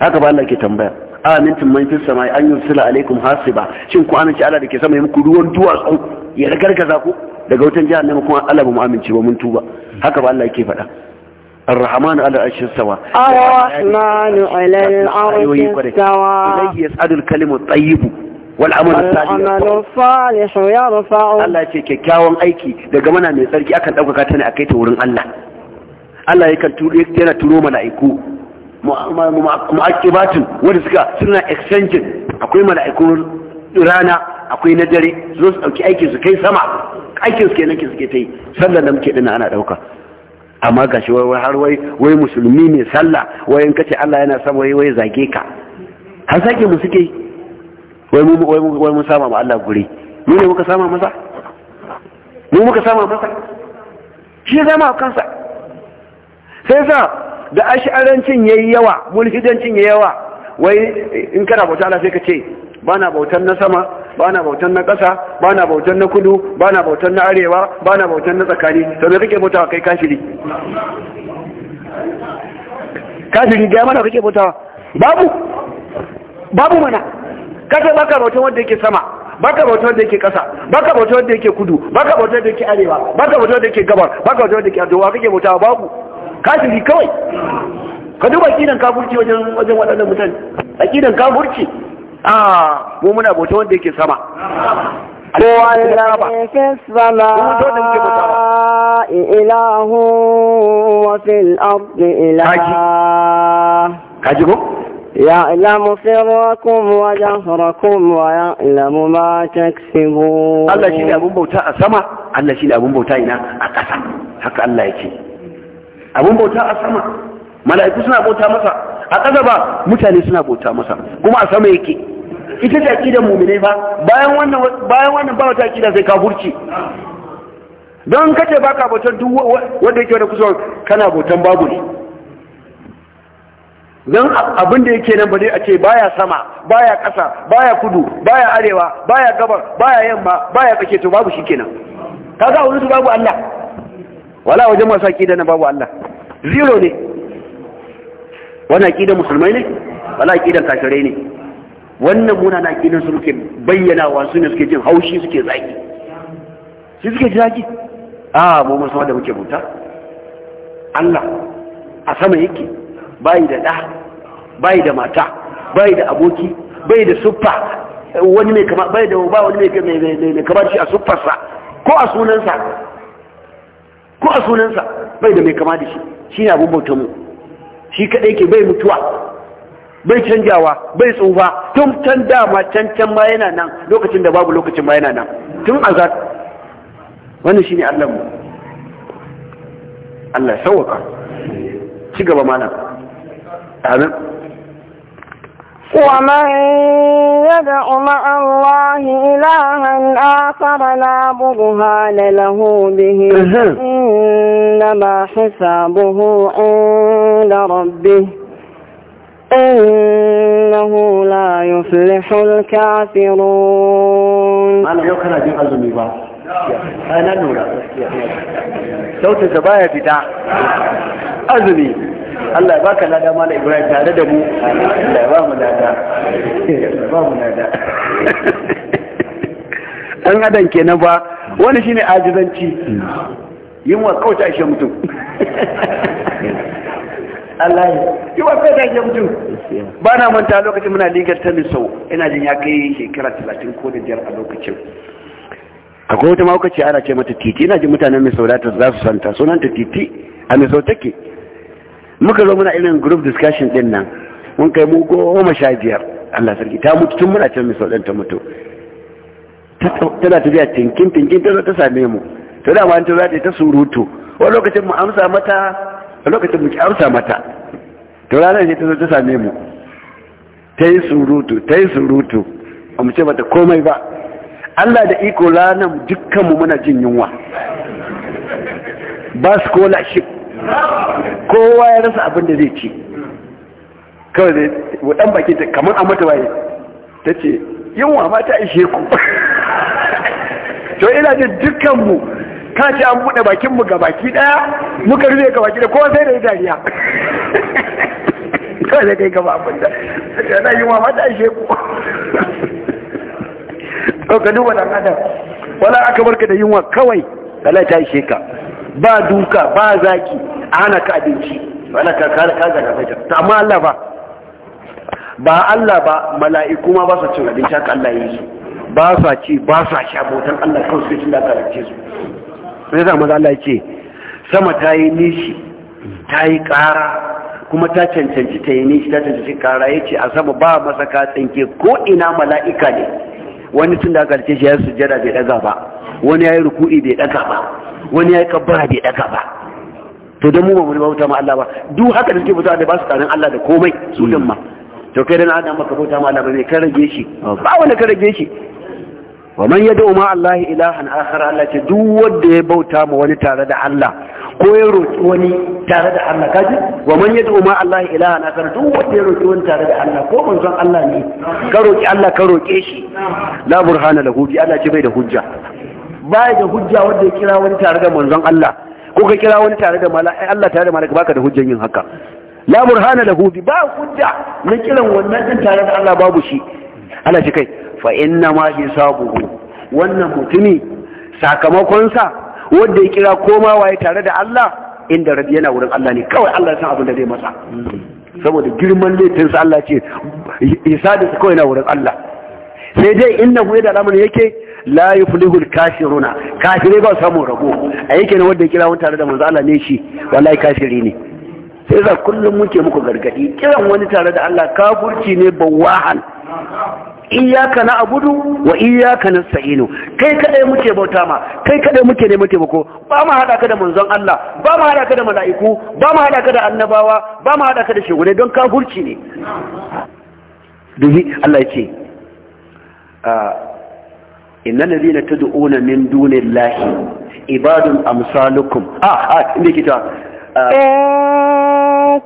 [SPEAKER 1] haka ba Allah ke tambaya amintum man fis samai an yursila alaikum hasiba shin ku amince Allah da ke sama ya muku ruwan duwatsu ya ragargaza ku daga wutan jahannama kuma Allah ba mu amince ba mun tuba haka ba Allah ke faɗa الرحمن على العرش استوى
[SPEAKER 2] الرحمن على العرش استوى إليه
[SPEAKER 1] يسعد الكلم الطيب والعمل الصالح والعمل
[SPEAKER 2] الصالح يرفع الله
[SPEAKER 1] يكي كيكاوان أيكي دقا منا من سركي أكن أوكا كاتنا أكيت ورن الله Allah ya kan yana turo mala'iku ma'akibatin wanda suka suna extension akwai mala'ikun rana akwai na dare su su dauki aikin su kai sama aikin su kenan suke ta yi sallar da muke dina ana dauka amma gashi wai har wai wai musulmi ne sallah wai in kace Allah yana sama wai wai zage ka har sake mu suke wai mu wai mu wai mu sama ma Allah guri mu ne muka sama masa mu muka sama masa shi zama kansa sai sa da ash'arancin yayi yawa mulhidancin yayi yawa wai in kana bauta Allah sai ka ce bana bautan na sama bana bautan na ƙasa bana bautan na kudu bana bautan na arewa bana bautan na tsakani to me kake bautawa kai kafiri kafiri ga mana kake bautawa babu babu mana kasa baka bautan wanda yake sama baka bautan wanda yake ƙasa baka bautan wanda yake kudu baka bautan wanda yake arewa baka bautan wanda yake gabar baka bautan wanda yake adowa kake bautawa babu kafiri kawai ka duba kidan kafirci wajen waɗannan mutane a kidan kafirci a mummuna bauta wanda yake sama
[SPEAKER 2] kowa ya raba sama ilahu wa fil ardi ilaha kaji ko ya ilamu sirrakum wa jahrakum wa ya'lamu ma taksibun Allah shine abun
[SPEAKER 1] bauta a sama Allah shi ne abin bauta ina a ƙasa haka Allah ya ce. Abin bauta a sama mala'iku suna bauta masa a ƙasa ba mutane suna bauta masa kuma a sama yake ita ce akidar mu'mine ba bayan wannan bayan wannan ba ta akida sai kafurci don kace baka bautar duk wanda yake da kusan kana bautan babu ne don abin da yake nan ba dai a ce baya sama baya ƙasa baya kudu baya arewa baya gabar baya yamma baya kake to babu shikenan kaga wurin su babu Allah wala wajen masu aƙida na babu Allah zero ne wannan aƙidan musulmai ne wala aƙidan kafirai ne wannan muna na aƙidan su bayyana wa su ne suke jin haushi suke zaki su suke haƙi? a mu musamman da muke buta Allah a sama yake bayi da ɗa bayi da mata bayi da aboki bayi da suffa wani mai kama bayi da ba wani mai kama shi a suffarsa ko a sunansa ko a sunansa bai da mai kama da shi shi ne abin bauta mu shi kaɗai ke bai mutuwa bai canjawa bai tsufa tun can dama can can ma yana nan lokacin da babu lokacin ma yana nan tun azat wannan shi ne allahnmu allah ya sauwaka ci gaba malam amin
[SPEAKER 2] ومن يدع مع الله إلها آخر لا برهان له به إنما حسابه عند ربه إنه لا يفلح الكافرون أنا يو كان أجيب أزمي با
[SPEAKER 1] أنا نورا sautin sa baya fita azumi Allah ya baka lada mana Ibrahim tare da mu Allah ya Ɗan nada dan adam kenan ba wani shine ajizanci yin wa kauce ashe mutum Allah yi wa kai da mutum ba na manta lokacin muna ligar ta misau ina jin ya kai shekara talatin ko da biyar a lokacin akwai wata maukaci ana ce mata titi ina jin mutanen mai da za su santa sunanta titi a misau take muka zo muna irin group discussion din nan mun kai mu goma sha biyar Allah sarki ta mutu tun muna can misal ɗan ta mutu tana tafiya tinkin tinkin ta ta same mu to da ma ta za ta ta surutu a lokacin mu amsa mata a lokacin mu ki amsa mata to ranar ne ta zo ta same mu ta yi surutu ta yi surutu ba mu ce mata komai ba Allah da iko ranar dukkanmu muna jin yunwa ba su kola shi kowa ya rasa abin da zai ci kawai zai wadan baki ta kamar a mata waye ta ce yunwa ma ta ishe ku to ina jin dukkanmu ka ce an buɗe bakinmu ga baki ɗaya muka rufe ga baki ɗaya kowa sai da ya dariya <laughs> kawai zai kai gaba abin da yana yunwa ma ta ishe ku to ka duba adam wala aka barka da yunwa kawai kala ta ishe ka ba duka ba zaki a hana ka abinci wala ka kare ka zaga ta amma Allah ba ba Allah ba mala'iku ma ba su cin abinci haka Allah yi su ba sa ci ba sa sha botan Allah kan su cin da aka rike su sai da maza Allah ce sama ta yi nishi ta yi ƙara kuma ta cancanci ta yi nishi ta cancanci ƙara ya ce a sama ba masa ka tsinke ko ina mala'ika ne wani tun da aka rike shi ya sujjada bai ɗaga ba wani ya yi ruku'i bai ɗaga ba wani ya yi kabbara bai ɗaga ba to don mu ba mu bauta ma Allah ba duk haka da suke bauta da ba su tsarin Allah da komai su din ma to kai dan adam baka bauta ma Allah ba me ka rage shi ba wani ka rage shi wa man yad'u ma Allah ilahan akhar Allah ce duk wanda ya bauta ma wani tare da Allah ko ya roki wani tare da Allah kaji wa man yad'u ma Allah ilahan akhar duk wanda ya roki wani tare da Allah ko manzon Allah ne ka roki Allah ka roke shi la burhana lahu bi Allah ce bai da hujja baya da hujja wanda ya kira wani tare da manzon Allah ko ka kira wani tare da mala'ika Allah tare da mala'ika baka da hujjan yin haka la burhana da bi ba hujja na kiran wannan din tare da Allah babu shi Allah shi kai fa inna ma sabu. wannan mutumi sakamakonsa, wanda ya kira koma waye tare da Allah inda rabi yana wurin Allah ne kawai Allah san abin da zai masa saboda girman laifin sa Allah ce hisabi sa kawai yana wurin Allah sai dai inna hu da lamarin yake la yuflihu kafiruna kafirai ba samu rabo a yake ne wanda ya kira wani tare da manzo Allah ne shi wallahi kafiri ne sai za kullum muke muku gargadi kiran wani tare da Allah kafurci ne bawahan
[SPEAKER 3] iyaka na
[SPEAKER 1] abudu wa iyaka na sa'inu kai kadai muke bauta ma kai kadai muke neman taimako ba mu hada ka da manzon Allah ba mu hada ka da mala'iku ba mu hada ka da annabawa ba mu hada ka da shugure don kafurci ne dubi Allah yake ce ah, inna alladhina tad'una min dunillahi ibadun amsalukum ah ah inda kita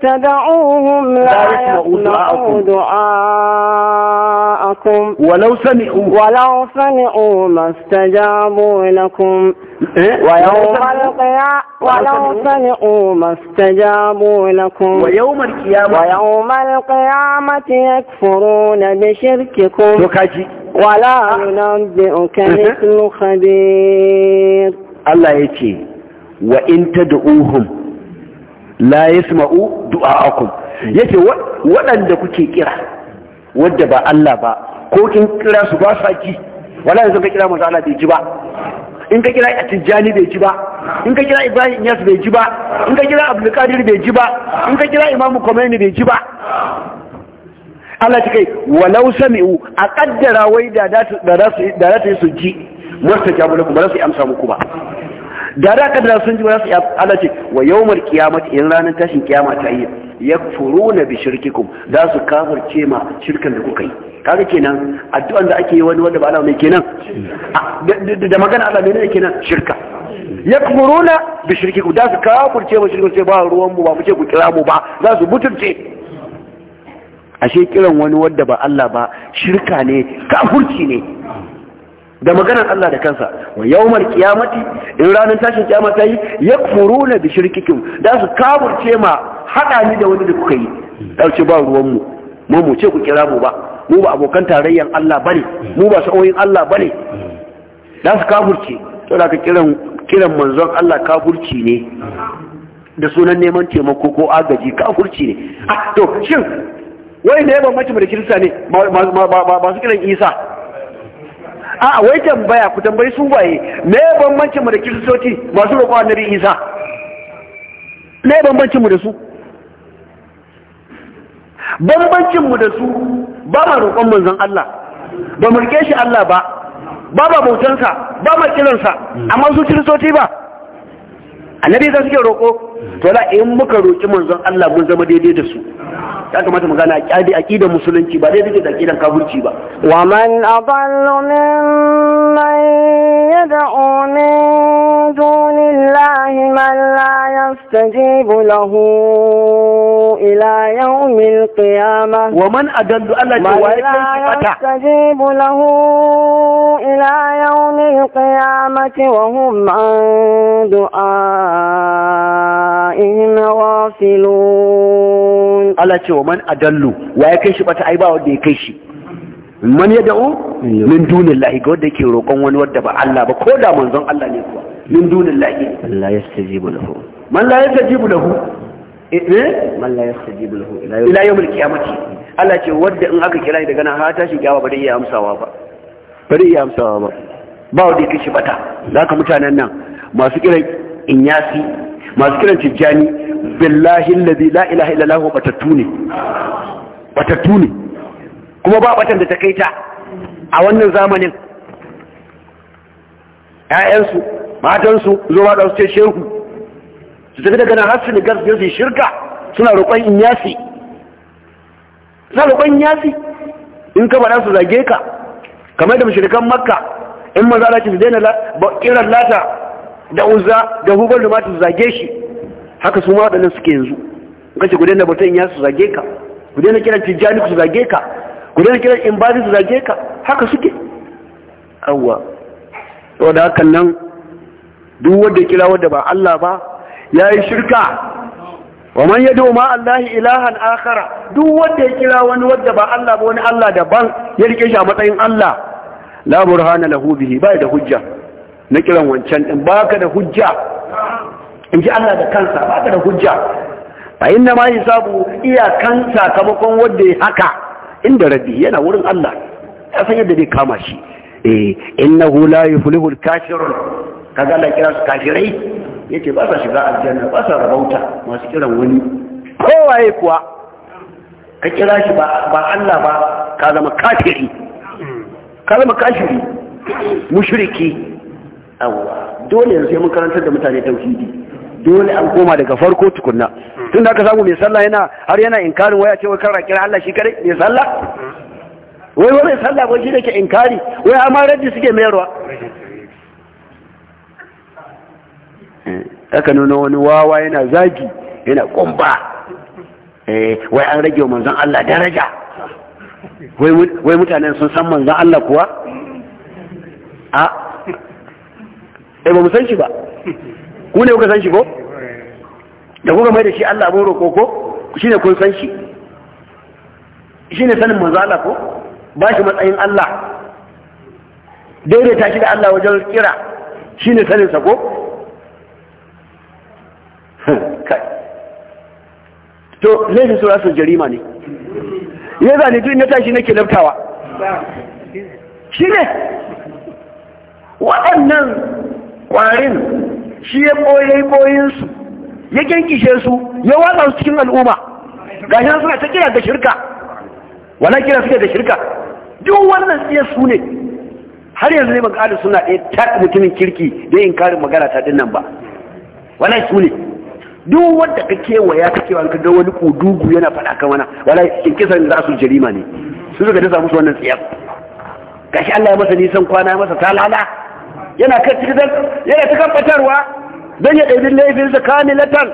[SPEAKER 2] تدعوهم لا يسمعوا دعاءكم ولو سمعوا ولو سمعوا ما استجابوا لكم إيه؟ ويوم القيامة ولو سمعوا ما استجابوا لكم ويوم القيامة ويوم القيامة يكفرون بشرككم ولا آه. ينبئك إيه. مثل خبير
[SPEAKER 1] الله يتي وإن تدعوهم la yasma'u du'a'akum yace waɗanda kuke kira wanda ba Allah ba ko kin kira su ba sa ji wala yanzu ka kira manzo Allah bai ji ba in ka kira Tijjani bai ji ba in ka kira Ibrahim Iyas bai ji ba in ka kira Abdul Qadir bai ji ba in ka kira Imam Khomeini bai ji ba Allah ta kai walau sami'u a kaddara wai da da da su ji mustajabu lakum ba za su amsa muku ba da da da sun ji wasu su Allah ce wa yawmar kiyamati in ranar tashin kiyama ta yi na bi shirkikum da su kafirce ma shirkan da kuka yi kaga kenan addu'an da ake yi wani wanda ba ala mai kenan da magana ala mai kenan shirka na bi shirkikum da su kafirce ma shirkan sai ba ruwan mu ba mu ce ku kira mu ba za su mutunce ashe kiran wani wanda ba Allah ba shirka ne kafirci ne da maganar Allah da kansa wa yawmal qiyamati in ranar tashin kiyama ta yi yakfuruna bi shirkikum da su kaburce ma hada ni da wani da kuka yi dauke ba ruwan mu mu mu ce ku kira mu ba mu ba abokan tarayyan Allah bane mu ba sa'oyin Allah bane da su kaburce to da ka kiran kiran manzon Allah kaburci ne da sunan neman taimako ko agaji kafurci ne ah, to shin wai da ya mace da kirista ne ba su kiran Isa A wai tambaya ku tambayi su waye me bambancin mu da kristoci masu roƙo annabi Isa me bambancin mu da su bambancin mu da su ba ma roƙon manzon Allah ba mu rike shi Allah ba ba ba bautansa ba ma kiransa amma su kristoci ba annabi Isa suke roƙo to la in muka roki manzon Allah mun zama daidai da su ya kamata mu gane aqidar musulunci ba daidai da aqidar kafirci ba
[SPEAKER 2] wa man adallu mimman yad'u min dunillahi man la yastajibu lahu ila yawmil qiyamah wa man adallu Allah ce wa kai fata yastajibu lahu ila yawmil qiyamati wa hum an du'a du'a'ihim
[SPEAKER 1] ce wa man adallu wa ya kai shi bata ai ba wanda ya kai shi man ya da'u min dunillahi ga wanda yake roƙon wani wanda ba Allah ba ko da manzon Allah ne kuwa min dunillahi la yastajibu lahu man la yastajibu lahu eh, eh? man la yastajibu lahu ila yawmil qiyamati Allah ce wanda in aka kira shi daga nan ha tashi kiyama ba dai ya amsawa ba ba dai ya amsawa ba ba wanda kai shi bata zaka mutanen nan masu kiran inyasi masu kiran tijjani billahi allazi la ilaha illa hu batattu ne batattu ne kuma ba batan da ta kai ta a wannan zamanin ƴaƴansu matansu zo ba da su ce shehu su tafi daga nan har su nigar su shirka suna roƙon yasi suna roƙon yasi in ka faɗa su zage ka kamar da mashirikan makka in maza da su daina kiran lata da unza, da hubar da mata zage shi haka su ma waɗannan suke yanzu kace ku daina batun ya su zage ka ku daina kiran tijjani su zage ka ku daina kiran imbazi su zage ka haka suke awwa da hakan nan duk wanda kira wanda ba Allah ba yayi shirka wa man yad'u ma Allah ilahan akhara duk wanda ya kira wani wanda ba Allah ba wani Allah daban ya rike shi a matsayin Allah la burhana lahu bihi bai da hujja na kiran wancan ɗin ba ka da hujja in ji Allah da kansa ba ka da hujja A inda ma hisabu iyakan sakamakon wanda ya haka inda Rabi yana wurin Allah ya san yadda zai kama shi eh hula yi yuflihu al ka kaga Allah kira su ya ce ba sa shiga aljanna ba sa rabauta masu kiran wani kowaye kuwa ka kira shi ba Allah ba ka zama kafiri ka zama kashiri mushriki awwa dole yanzu sai mun karanta da mutane tauhidi dole an koma daga farko tukunna tunda aka samu mai sallah yana har yana inkarin waya cewa kan rakira Allah shi kare mai sallah wai wai mai sallah ba shi da ke inkari wai amma raddi suke mayarwa eh, aka nuna wani wawa yana zagi yana kumba eh, wai an rage manzon Allah daraja wai mutanen sun san manzon Allah kuwa a ah, eh ba mu san shi ba ku ne kuka san shi ko da kuka mai da shi Allah abin roƙo ko Shi ne kun san shi Shi ne sanin manzo Allah ko ba shi matsayin Allah daidaita shi da Allah wajen kira ne sanin sa ko <laughs> to laifin sura su jarima ne ya zane duk na tashi nake laftawa shi ne waɗannan ƙwarin shi ya ɓoye ɓoyinsu ya kirkishe su ya watsa su cikin al'umma Ga shi suna ta kira da shirka wala kira suke da shirka duk wannan tsiya su ne har yanzu ne makalin suna ɗaya ta mutumin kirki da yin karin magana ta dinnan ba wala su ne duk wanda ka kewaya ka kewa ka ga wani kudugu yana faɗa kan wana wala in kisa za su jarima ne su suka dasa musu wannan Ga shi Allah ya masa nisan kwana ya masa talala yana yana ta kambatarwa don ya ɗaibin laifinsa kamilatan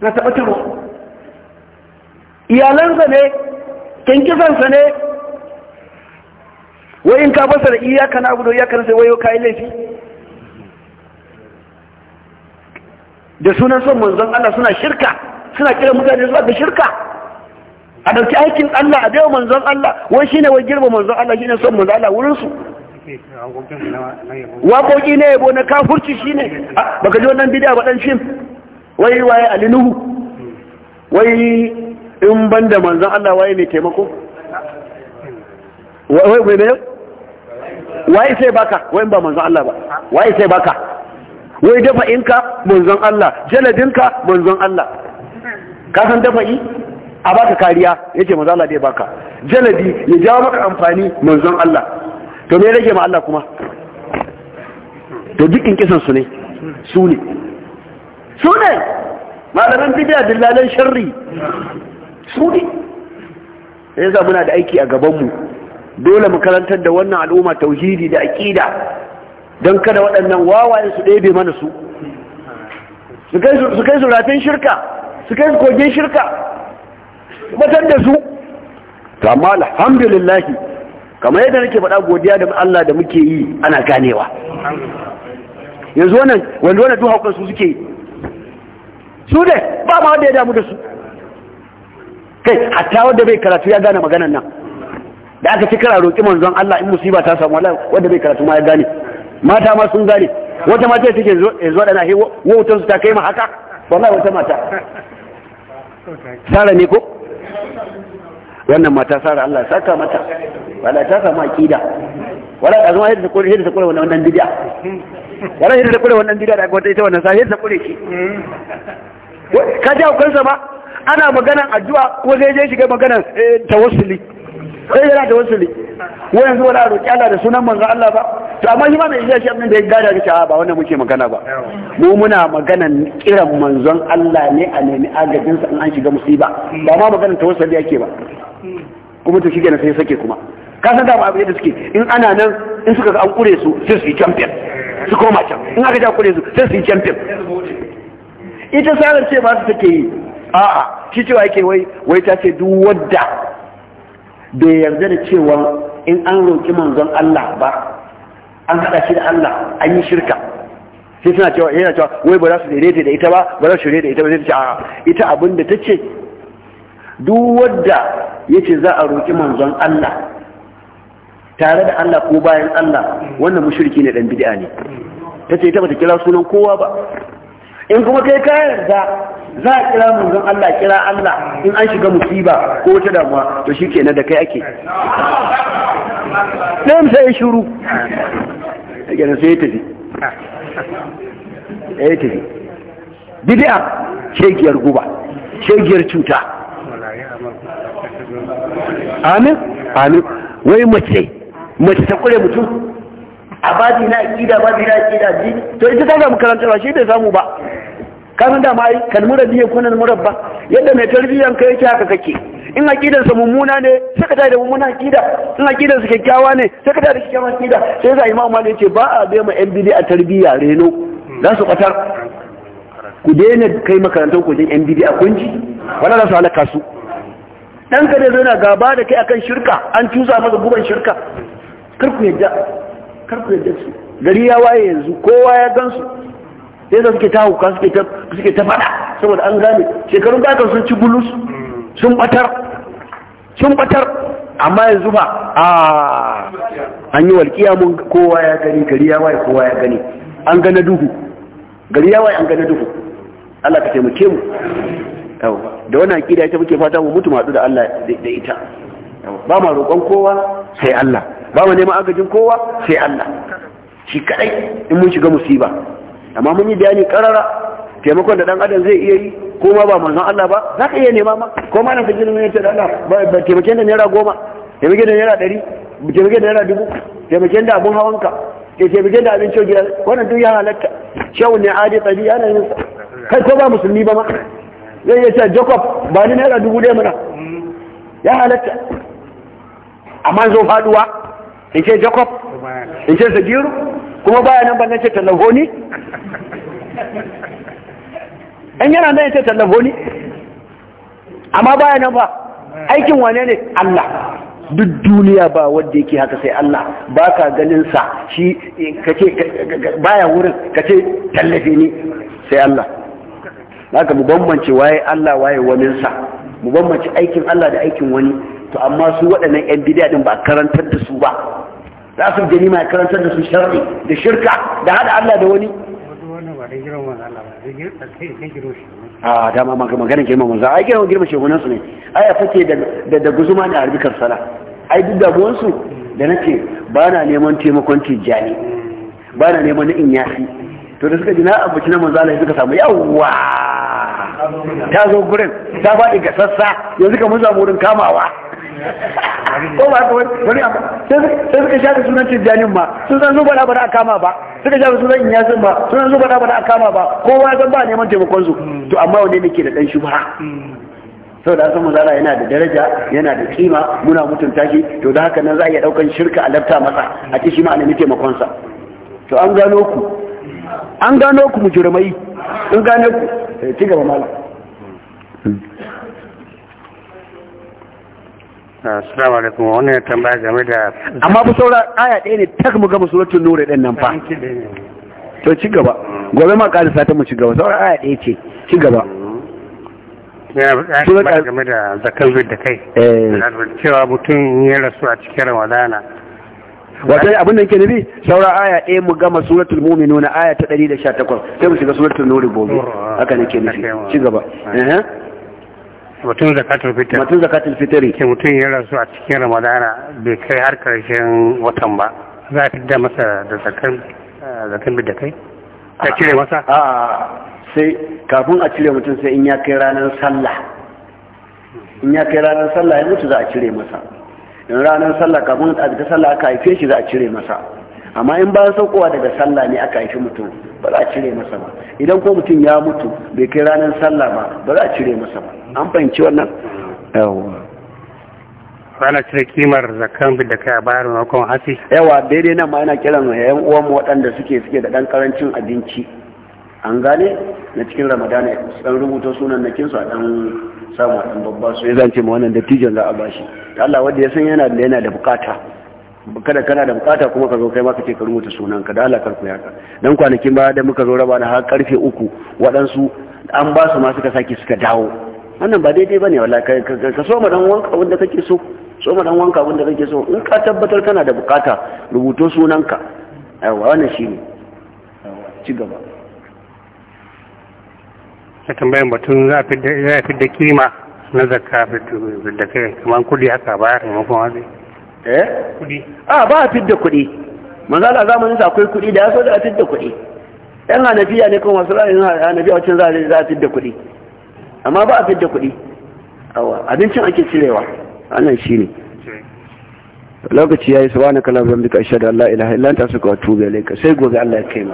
[SPEAKER 1] na tabbatarwa iyalansa ne kinkisansa ne wai in ka fasara iyaka na abu da iyaka na sai wayo kai laifi da sunan son manzon Allah suna shirka suna kira mutane zuwa ga shirka a ɗauki aikin Allah a biya manzon Allah wai shine wai girma manzon Allah shine son manzon Allah wurin su waƙoƙi ne yabo na kafurci shi ne baka ji wannan bidiya ba ɗan wai waye alinuhu wai in ban da manzan Allah waye mai taimako wai mai ne waye sai baka wai ba manzan Allah ba waye sai baka wai dafa inka manzan Allah jaladinka manzan Allah ka san dafa yi a baka kariya yace manzan Allah dai baka jaladi ya jawo maka amfani manzon Allah to me rage ma Allah kuma to dukkan kisan su ne su ne su ne malaman bidiya dillalan sharri su ne sai muna da aiki a gaban mu. dole mu karantar da wannan al'umma tauhidi da aqida don kada waɗannan wawayen su ɗebe mana su su kai su rafin shirka su kai su kogin shirka batar da su amma alhamdulillah. kamar yadda nake faɗa godiya da Allah da muke yi ana ganewa yanzu wannan wanda wannan duha kan su suke yi su ne ba ma wanda ya damu da su kai hatta wanda bai karatu ya gane maganan nan da aka ci kara roƙi manzon Allah in musiba ta samu Allah wanda bai karatu ma ya gane mata ma sun gane wata mata take yanzu zo da nahi wautan su ta kai ma haka wallahi wata mata Sara ne ko wannan mata Sara Allah ya saka mata
[SPEAKER 3] wala ta samu akida wala
[SPEAKER 1] ka zama yadda kure yadda kure wannan bid'a wala yadda kure wannan bid'a da gwata ita wannan sai yadda kure shi ka ja kansa ba ana maganan addu'a ko zai je shiga maganan eh, tawassuli sai yana tawassuli ko yanzu wala roki Allah da sunan manzo Allah ba to amma shi ma bai iya shi abin da ya gada ga cewa ba wannan muke magana ba mu muna maganan kiran manzon Allah ne a nemi agajinsa in an shiga musiba ba ma maganan tawassuli yake ba kuma to shi kenan sai sake kuma ka san dama abin da suke in ana nan in suka ga an kure su sai su yi champion su koma can in aka ja kure su sai su yi champion ita sarar ce ba su take yi a'a shi cewa yake wai wai ta ce duk wadda bai yarda da cewa in an roƙi manzon Allah ba an hada shi da Allah an yi shirka sai suna cewa yana cewa wai ba za su daidaita da ita ba ba za su shirye da ita ba sai ta ce a'a ita abin da ta ce duk wadda yace za a roƙi manzon Allah tare da Allah ko bayan Allah wannan mushriki ne dan bid'a ne tace ita bata kira sunan kowa ba in kuma kai ka yarda za ka kira manzon Allah kira Allah in an shiga musiba ko wata damuwa to shikenan da kai ake dan sai shiru yake da sai tafi eh tafi bid'a shegiyar guba shegiyar cuta
[SPEAKER 3] amin amin
[SPEAKER 1] wai mace mace ta kure mutum a zai na aƙida zai na aƙida ji to ita ta samu ba shi bai samu ba kasan da ma kalmurar biyan kunan murabba yadda mai tarbiyyar ka yake haka kake in sa mummuna ne sai ka da mummuna aƙida in aƙidarsa kyakkyawa ne sai ka da kyakkyawa aƙida sai za imam ne ce ba a bai ma yan bidi a tarbiyya reno za su kwatar ku daina kai makarantar ku jin yan bidi a kunji wala za su halaka su dan ka da na gaba da kai akan shirka an cusa masa guban shirka karku yadda karku yadda su gari ya waye yanzu kowa ya gansu sai da suke tawo hauka suke ta fada saboda an gane shekarun da sun ci bulus sun batar sun batar amma yanzu ba a an yi walƙiya mun kowa ya gani gari ya waye kowa ya gani an gana duhu gari ya waye an gana duhu Allah ka taimake mu da wannan aqida ita muke fata mu mutu mu haɗu da Allah da ita ba ma roƙon kowa sai Allah ba mu neman agajin kowa sai Allah shi kadai in mun shiga musiba amma mun yi bayani karara taimakon da dan adam zai iya yi ko ma ba manzon Allah ba za ka iya nema ma ko ma na fijin ne ce da Allah ba taimakon da naira goma taimakon da naira dari, taimakon da naira dubu taimakon da abun hawanka ke eh, taimakon da abin ciwo gida wannan duk ya halatta shawun ne adi tsari ana yin sa kai ko ba musulmi ba ma zai iya ce jacob ba ni naira dubu ɗaya mana ya halatta amma zo faduwa in ce jacob in ce zagiru kuma baya nan ban ce tallafoni? an in yana nan ce tallafoni? amma baya nan ba aikin wane ne Allah duk duniya ba wanda yake haka sai Allah ba ka ganin sa shi kace baya wurin kace tallafe ni sai Allah haka mu bambance waye Allah waye wanin sa mu bambance aikin Allah da aikin wani to amma su waɗannan 'yan bidiya din ba karantar da su ba za su ganima mai karantar da su sharri da shirka da hada Allah da wani a dama maganin girma manzo ai girma girma shegunan su ne ai a fake da da guzuma ne a arbikar sala ai duk damuwan su da nake ba na neman taimakon tijjani ba na neman na to da suka ji na abuci na manzo Allah suka samu yawwa ta zo gurin ta faɗi ga sassa yanzu ka mun samu wurin kamawa ko ba ka wani abu sai suka shafe sunan tijjanin ma sun san su bada bada a kama ba suka shafi sunan inyasin ba san su bada bada a kama ba kowa san ba neman taimakon su hmm. to amma wani ne ke da dan shubha hmm. sau da san mazala yana da daraja yana da kima muna mutunta shi to da haka nan za a iya daukan shirka a lafta masa a ce shi ma a nemi taimakon sa to an gano ku an gano ku mujrimai an gano ku eh, ci gaba malam
[SPEAKER 3] Ah, assalamu alaikum wannan tambaya game da
[SPEAKER 1] amma bu saura aya ɗaya ne tak mu gama suratul nuri din nan fa ah, to ci gaba gobe ma karisa ta mu ci gaba saura aya ɗaya ce ci gaba
[SPEAKER 3] mm-hmm. game da zakar zuwa da kai eh. cewa mutum ya rasu a cikin ramadana
[SPEAKER 1] wata abin da ke nufi saura aya ɗaya mu gama suratul nuna aya ta ɗari da sha 118 sai mu shiga suratul nuri gobe haka nake nufi ci
[SPEAKER 3] gaba mutum zakatul fitr mutum zakatul fitri ke mutum ya rasu a cikin ramadana bai kai har karshen watan ba za a fidda masa da zakan eh, zakan da kai Ka cire masa a sai kafin a
[SPEAKER 1] cire mutum sai in ya kai ranar sallah in ya kai ranar sallah ya mutu za a cire masa in ranar sallah kafin a ga sallah aka haife shi za a cire masa amma in ba saukowa daga sallah ne aka haifi mutum ba za a cire masa ba idan ko mutum ya mutu bai kai ranar sallah ba ba za a cire masa ba an fahimci wannan yawa ana cire kimar zakan da kai a bayar maimakon hatsi yawa daidai nan ma yana kiran yayan uwan mu waɗanda suke suke da ɗan karancin abinci an gane na cikin ramadana dan rubuta sunan na su a dan samu a dan babba su ya zance ma wannan dattijan za a bashi Allah wanda ya san yana da yana da bukata kada kana da bukata kuma ka zo kai ma ce ka rubuta sunanka da Allah karku yaka dan kwanakin ba da muka zo raba na har karfe uku waɗansu an ba su ma suka sake suka dawo wannan ba daidai bane wallahi ka so ma dan wanka wanda kake so so ma dan wanka wanda kake so in ka tabbatar kana da bukata rubuto sunanka yawa wannan shine ci gaba ta tambayan batun za a fi da kima na zakka da kai kamar kudi haka ba kuma wani
[SPEAKER 3] eh kudi
[SPEAKER 1] a ba a fidda kudi manzala zamanin sa akwai kudi da ya so da a fidda kudi yan hanafiya ne kuma wa sallam hanafiya wacin za a fidda kudi amma ba a fidda kuɗi abincin ake cirewa wannan shi ne lokaci ya yi sabanin ka bika da Allah ilaha illanta suka wa tuba laika sai gobe Allah ya kai